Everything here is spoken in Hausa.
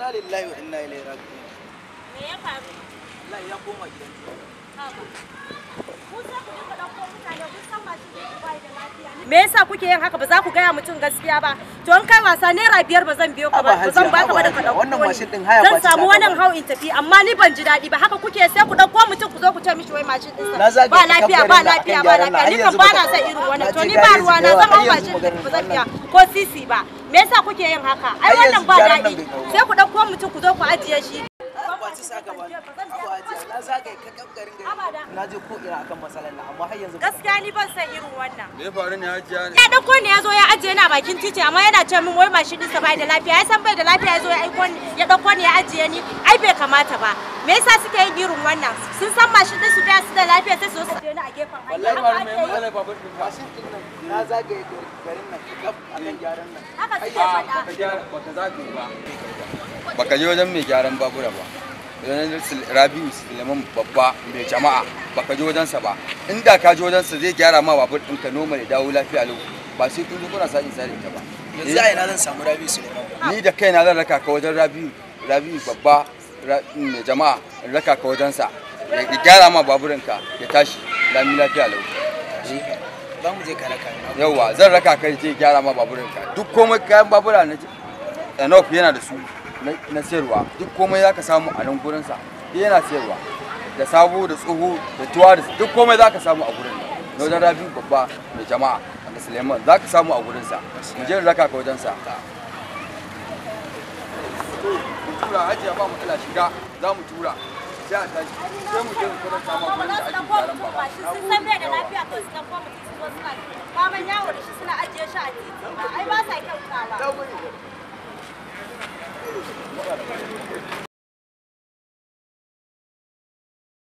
inna lillahi me ya faru yasa kuke yin haka ba za ku gaya mutum gaskiya ba to an kai wasa naira biyar ba zan biyo ka ba zan baka ba da ka wannan mashin din haya ba zan samu wannan hau in tafi amma ni ban ji daɗi ba haka kuke sai ku dauko ce mishi wai mashin ɗinsa ba lafiya ba lafiya ba lafiya ni kan ba na son irin wannan to ni ba ruwa na zama mashin ba zan ko sisi ba me yasa kuke yin haka ai wannan ba daɗi sai ku ɗauko mutum ku zo ku ajiye shi ba na je ko ina akan matsalar na amma har yanzu gaskiya ni ban san irin wannan me faru ne hajiya ne ya dauko ne yazo ya ajiye ni a bakin titi amma yana ce min wai mashin din sa bai da lafiya ya san bai da lafiya yazo ya aiko ni ya dauko ni ya ajiye ni kamata ba me yasa suke yin irin wannan sun san mashin din su da su da lafiya sai su sai ni a gefen hanya wallahi ba mai matsala ba din mashin din nan na zagaye garin nan kaf akan gyaran nan haka suke fada ba gyara ba ta zagaye ba baka je wajen mai gyaran babura ba wajen Rabiu Suleiman babba mai jama'a baka je wajensa ba inda ka je wajensa zai gyara ma babur ɗinka noma ya dawo lafiya lau ba sai kun kuna sa in sare ta ba yanzu a ina zan samu Rabiu Suleiman ni da kaina zan raka ka wajen Rabiu Rabiu babba jama'a raka ka wajensa ya gyara ma baburinka ya tashi lami lafiya lau za mu je ka raka yawa zan raka kai je gyara ma baburinka duk komai kayan babura na enof yana da su na sayarwa duk komai za ka samu a nan gurinsa yana sayarwa da sabo da tsoho da tuwa da duk komai za ka samu a gurin na wajen rabi babba mai jama'a da suleiman za ka samu a gurinsa in je raka ka wajensa tura hajiya ba matsala shiga za mu tura sai a tashi sai mu je mu kuma sama gurin da ake gyaran baba sun san bai da lafiya to su dauko mutum su zo suna baban yawo da shi suna ajiye shi a titi ba ai ba sa kyautawa